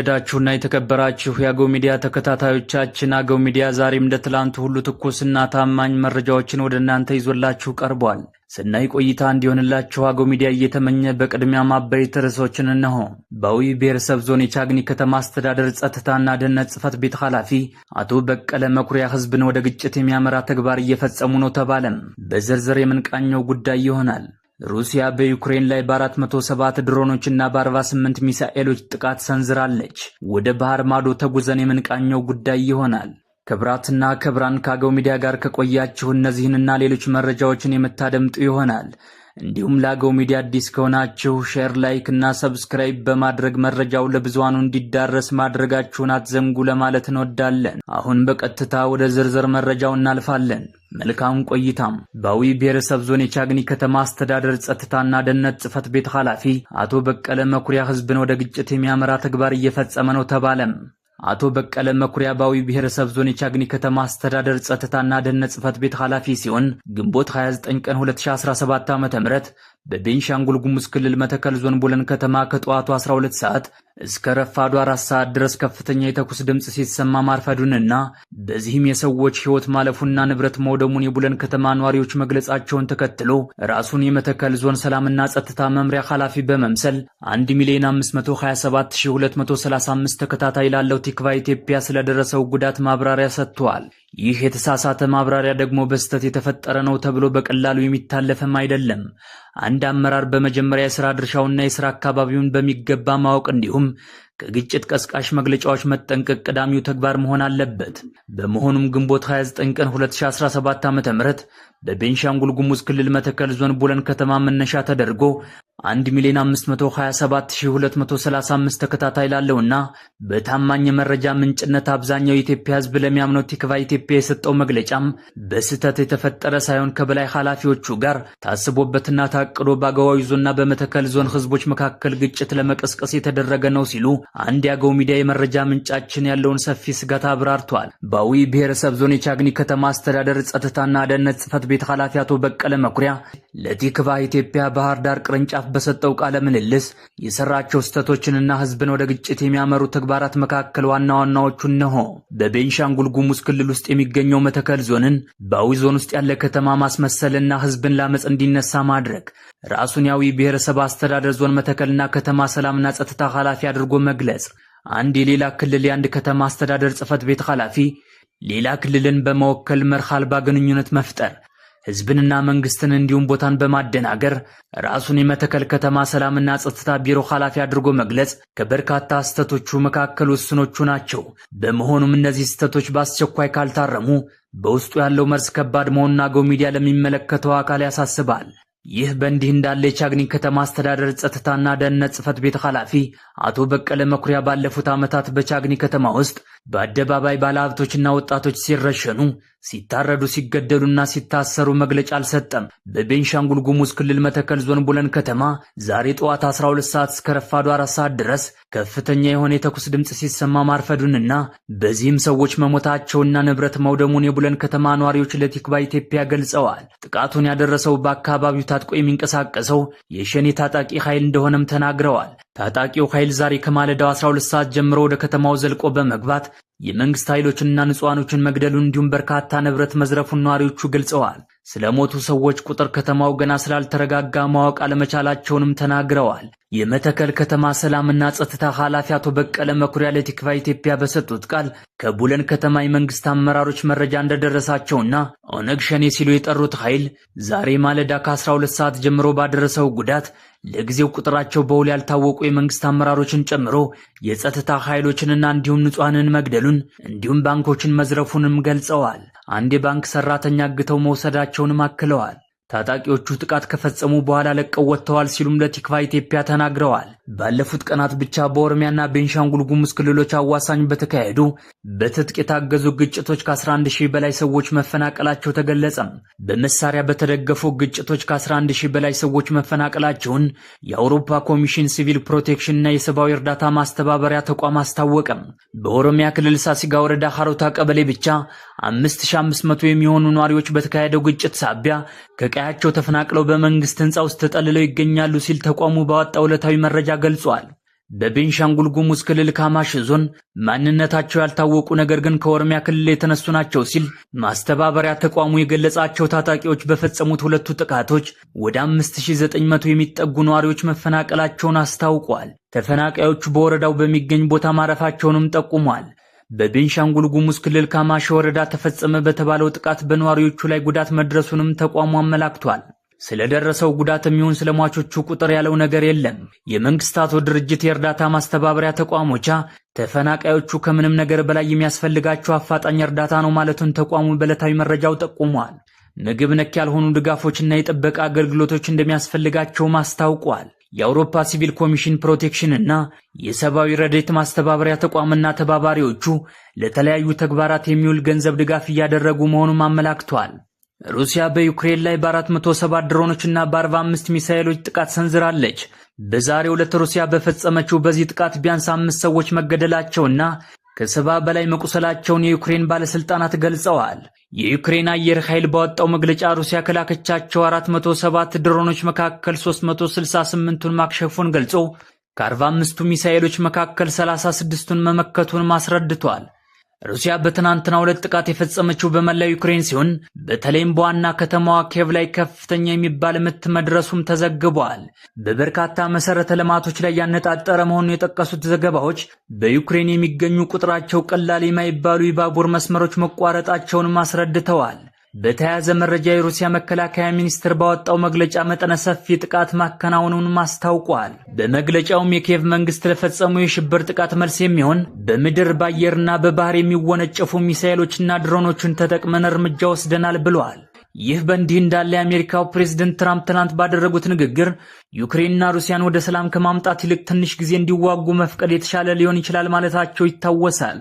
የተወደዳችሁና የተከበራችሁ የአገው ሚዲያ ተከታታዮቻችን አገው ሚዲያ ዛሬም እንደ ትላንቱ ሁሉ ትኩስና ታማኝ መረጃዎችን ወደ እናንተ ይዞላችሁ ቀርቧል። ስናይ ቆይታ እንዲሆንላችሁ አገው ሚዲያ እየተመኘ በቅድሚያ አበይት ርዕሶችን እነሆ። በአዊ ብሔረሰብ ዞን የቻግኒ ከተማ አስተዳደር ጸጥታና ደህንነት ጽህፈት ቤት ኃላፊ አቶ በቀለ መኩሪያ ህዝብን ወደ ግጭት የሚያመራ ተግባር እየፈጸሙ ነው ተባለም። በዝርዝር የምንቃኘው ጉዳይ ይሆናል። ሩሲያ በዩክሬን ላይ በ 47 ድሮኖችና በ48 ሚሳኤሎች ጥቃት ሰንዝራለች። ወደ ባህር ማዶ ተጉዘን የምንቃኘው ጉዳይ ይሆናል። ክብራትና ክብራን ከአገው ሚዲያ ጋር ከቆያችሁ እነዚህንና ሌሎች መረጃዎችን የምታደምጡ ይሆናል። እንዲሁም ለአገው ሚዲያ አዲስ ከሆናችሁ ሼር፣ ላይክ እና ሰብስክራይብ በማድረግ መረጃው ለብዙሃኑ እንዲዳረስ ማድረጋችሁን አትዘንጉ ለማለት እንወዳለን። አሁን በቀጥታ ወደ ዝርዝር መረጃው እናልፋለን። መልካም ቆይታም። በአዊ ብሔረሰብ ዞን የቻግኒ ከተማ አስተዳደር ጸጥታና ደህንነት ጽህፈት ቤት ኃላፊ አቶ በቀለ መኩሪያ ህዝብን ወደ ግጭት የሚያመራ ተግባር እየፈጸመ ነው ተባለም። አቶ በቀለ መኩሪያ በአዊ ብሔረሰብ ዞን የቻግኒ ከተማ አስተዳደር ጸጥታና ደህንነት ጽህፈት ቤት ኃላፊ ሲሆን ግንቦት 29 ቀን 2017 ም በቤንሻንጉል ጉሙዝ ክልል መተከል ዞን ቡለን ከተማ ከጠዋቱ 12 ሰዓት እስከ ረፋዱ አራት ሰዓት ድረስ ከፍተኛ የተኩስ ድምፅ ሲሰማ ማርፈዱንና በዚህም የሰዎች ሕይወት ማለፉና ንብረት መውደሙን የቡለን ከተማ ነዋሪዎች መግለጻቸውን ተከትሎ ራሱን የመተከል ዞን ሰላምና ጸጥታ መምሪያ ኃላፊ በመምሰል 1,527,235 ሚሊዮን 527235 ተከታታይ ላለው ቲክቫ ኢትዮጵያ ስለደረሰው ጉዳት ማብራሪያ ሰጥተዋል። ይህ የተሳሳተ ማብራሪያ ደግሞ በስተት የተፈጠረ ነው ተብሎ በቀላሉ የሚታለፈም አይደለም። አንድ አመራር በመጀመሪያ የስራ ድርሻውና የስራ አካባቢውን በሚገባ ማወቅ እንዲሁም ከግጭት ቀስቃሽ መግለጫዎች መጠንቀቅ ቀዳሚው ተግባር መሆን አለበት። በመሆኑም ግንቦት 29 ቀን 2017 ዓ.ም በቤንሻንጉል ጉሙዝ ክልል መተከል ዞን ቡለን ከተማ መነሻ ተደርጎ አንድ ሚሊዮን ተከታታይ ላለውና በታማኝ የመረጃ ምንጭነት አብዛኛው የኢትዮጵያ ሕዝብ ለሚያምነው ቲክቫ ኢትዮጵያ የሰጠው መግለጫም በስህተት የተፈጠረ ሳይሆን ከበላይ ኃላፊዎቹ ጋር ታስቦበትና ታቅዶ በአገዋዊ ዞንና በመተከል ዞን ሕዝቦች መካከል ግጭት ለመቀስቀስ የተደረገ ነው ሲሉ አንድ የአገው ሚዲያ የመረጃ ምንጫችን ያለውን ሰፊ ስጋት አብራርቷል። በአዊ ብሔረሰብ ዞን የቻግኒ ከተማ አስተዳደር ጸጥታና ደህንነት ጽሕፈት ቤት ኃላፊ አቶ በቀለ መኩሪያ ለቲክቫ ኢትዮጵያ ባህር ዳር ቅርንጫፍ በሰጠው ቃለ ምልልስ የሰራቸው ስህተቶችንና ህዝብን ወደ ግጭት የሚያመሩ ተግባራት መካከል ዋና ዋናዎቹ እነሆ። በቤንሻንጉል ጉሙዝ ክልል ውስጥ የሚገኘው መተከል ዞንን በአዊ ዞን ውስጥ ያለ ከተማ ማስመሰልና ህዝብን ላመፅ እንዲነሳ ማድረግ፣ ራሱን የአዊ ብሔረሰብ አስተዳደር ዞን መተከልና ከተማ ሰላምና ጸጥታ ኃላፊ አድርጎ መግለጽ፣ አንድ የሌላ ክልል የአንድ ከተማ አስተዳደር ጽህፈት ቤት ኃላፊ ሌላ ክልልን በመወከል መርህ አልባ ግንኙነት መፍጠር ህዝብንና መንግስትን እንዲሁም ቦታን በማደናገር ራሱን የመተከል ከተማ ሰላምና ጸጥታ ቢሮ ኃላፊ አድርጎ መግለጽ ከበርካታ ስህተቶቹ መካከል ውስኖቹ ናቸው። በመሆኑም እነዚህ ስህተቶች በአስቸኳይ ካልታረሙ በውስጡ ያለው መርዝ ከባድ መሆኑን አገው ሚዲያ ለሚመለከተው አካል ያሳስባል። ይህ በእንዲህ እንዳለ የቻግኒ ከተማ አስተዳደር ጸጥታና ደህንነት ጽህፈት ቤት ኃላፊ አቶ በቀለ መኩሪያ ባለፉት ዓመታት በቻግኒ ከተማ ውስጥ በአደባባይ ባለሀብቶችና ወጣቶች ሲረሸኑ ሲታረዱ ሲገደሉና ሲታሰሩ መግለጫ አልሰጠም። በቤንሻንጉል ጉሙዝ ክልል መተከል ዞን ቡለን ከተማ ዛሬ ጠዋት 12 ሰዓት እስከ ረፋዱ 4 ሰዓት ድረስ ከፍተኛ የሆነ የተኩስ ድምፅ ሲሰማ ማርፈዱንና በዚህም ሰዎች መሞታቸውና ንብረት መውደሙን የቡለን ከተማ ነዋሪዎች ለቲክባ ኢትዮጵያ ገልጸዋል። ጥቃቱን ያደረሰው በአካባቢው ታጥቆ የሚንቀሳቀሰው የሸኔ ታጣቂ ኃይል እንደሆነም ተናግረዋል። ታጣቂው ኃይል ዛሬ ከማለዳው 12 ሰዓት ጀምሮ ወደ ከተማው ዘልቆ በመግባት የመንግስት ኃይሎችና ንጹሐኖችን መግደሉን እንዲሁም በርካታ ንብረት መዝረፉን ነዋሪዎቹ ገልጸዋል። ስለሞቱ ሰዎች ቁጥር ከተማው ገና ስላልተረጋጋ ማወቅ አለመቻላቸውንም ተናግረዋል። የመተከል ከተማ ሰላምና ጸጥታ ኃላፊ አቶ በቀለ መኩሪያ ለቲክቫ ኢትዮጵያ በሰጡት ቃል ከቡለን ከተማ የመንግስት አመራሮች መረጃ እንደደረሳቸውና ኦነግ ሸኔ ሲሉ የጠሩት ኃይል ዛሬ ማለዳ ከ12 ሰዓት ጀምሮ ባደረሰው ጉዳት ለጊዜው ቁጥራቸው በውል ያልታወቁ የመንግስት አመራሮችን ጨምሮ የጸጥታ ኃይሎችንና እንዲሁም ንጹሐንን መግደሉን እንዲሁም ባንኮችን መዝረፉንም ገልጸዋል። አንድ የባንክ ሰራተኛ አግተው መውሰዳቸውንም አክለዋል። ታጣቂዎቹ ጥቃት ከፈጸሙ በኋላ ለቀው ወጥተዋል ሲሉም ለቲክቫ ኢትዮጵያ ተናግረዋል። ባለፉት ቀናት ብቻ በኦሮሚያና ቤንሻንጉል ጉሙዝ ክልሎች አዋሳኝ በተካሄዱ በትጥቅ የታገዙ ግጭቶች ከ11 ሺህ በላይ ሰዎች መፈናቀላቸው ተገለጸም። በመሳሪያ በተደገፉ ግጭቶች ከ11 ሺህ በላይ ሰዎች መፈናቀላቸውን የአውሮፓ ኮሚሽን ሲቪል ፕሮቴክሽን እና የሰብአዊ እርዳታ ማስተባበሪያ ተቋም አስታወቀም። በኦሮሚያ ክልል ሳሲጋ ወረዳ ሀሮታ ቀበሌ ብቻ 5500 የሚሆኑ ነዋሪዎች በተካሄደው ግጭት ሳቢያ ከቀ ከቀያቸው ተፈናቅለው በመንግስት ህንፃ ውስጥ ተጠልለው ይገኛሉ ሲል ተቋሙ ባወጣው ዕለታዊ መረጃ ገልጿል። በቤንሻንጉል ጉሙዝ ክልል ካማሽ ዞን ማንነታቸው ያልታወቁ ነገር ግን ከኦሮሚያ ክልል የተነሱ ናቸው ሲል ማስተባበሪያ ተቋሙ የገለጻቸው ታጣቂዎች በፈጸሙት ሁለቱ ጥቃቶች ወደ 5900 የሚጠጉ ነዋሪዎች መፈናቀላቸውን አስታውቋል። ተፈናቃዮቹ በወረዳው በሚገኝ ቦታ ማረፋቸውንም ጠቁሟል። በቤንሻንጉል ጉሙዝ ክልል ካማሽ ወረዳ ተፈጸመ በተባለው ጥቃት በነዋሪዎቹ ላይ ጉዳት መድረሱንም ተቋሙ አመላክቷል። ስለደረሰው ጉዳት የሚሆን ስለሟቾቹ ቁጥር ያለው ነገር የለም። የመንግስታቱ ድርጅት የእርዳታ ማስተባበሪያ ተቋሞቻ ተፈናቃዮቹ ከምንም ነገር በላይ የሚያስፈልጋቸው አፋጣኝ እርዳታ ነው ማለቱን ተቋሙ በዕለታዊ መረጃው ጠቁሟል። ምግብ ነክ ያልሆኑ ድጋፎችና የጥበቃ አገልግሎቶች እንደሚያስፈልጋቸውም አስታውቋል። የአውሮፓ ሲቪል ኮሚሽን ፕሮቴክሽን እና የሰብአዊ ረድኤት ማስተባበሪያ ተቋምና ተባባሪዎቹ ለተለያዩ ተግባራት የሚውል ገንዘብ ድጋፍ እያደረጉ መሆኑም አመላክተዋል። ሩሲያ በዩክሬን ላይ በ ድሮኖች ድሮኖችና በ45 ሚሳይሎች ጥቃት ሰንዝራለች። በዛሬው ዕለት ሩሲያ በፈጸመችው በዚህ ጥቃት ቢያንስ አምስት ሰዎች መገደላቸውና ከሰባ በላይ መቁሰላቸውን የዩክሬን ባለስልጣናት ገልጸዋል። የዩክሬን አየር ኃይል ባወጣው መግለጫ ሩሲያ ከላከቻቸው 407 ድሮኖች መካከል 368ቱን ማክሸፉን ገልጾ ከ45ቱ ሚሳኤሎች መካከል 36ቱን መመከቱን አስረድቷል። ሩሲያ በትናንትናው ዕለት ጥቃት የፈጸመችው በመላው ዩክሬን ሲሆን በተለይም በዋና ከተማዋ ኬቭ ላይ ከፍተኛ የሚባል ምት መድረሱም ተዘግቧል። በበርካታ መሰረተ ልማቶች ላይ ያነጣጠረ መሆኑን የጠቀሱት ዘገባዎች በዩክሬን የሚገኙ ቁጥራቸው ቀላል የማይባሉ የባቡር መስመሮች መቋረጣቸውንም አስረድተዋል። በተያያዘ መረጃ የሩሲያ መከላከያ ሚኒስቴር ባወጣው መግለጫ መጠነ ሰፊ ጥቃት ማከናወኑንም አስታውቋል። በመግለጫውም የኪየቭ መንግስት ለፈጸሙ የሽብር ጥቃት መልስ የሚሆን በምድር በአየርና በባህር የሚወነጨፉ ሚሳይሎችና ድሮኖችን ተጠቅመን እርምጃ ወስደናል ብለዋል። ይህ በእንዲህ እንዳለ የአሜሪካው ፕሬዝደንት ትራምፕ ትናንት ባደረጉት ንግግር ዩክሬንና ሩሲያን ወደ ሰላም ከማምጣት ይልቅ ትንሽ ጊዜ እንዲዋጉ መፍቀድ የተሻለ ሊሆን ይችላል ማለታቸው ይታወሳል።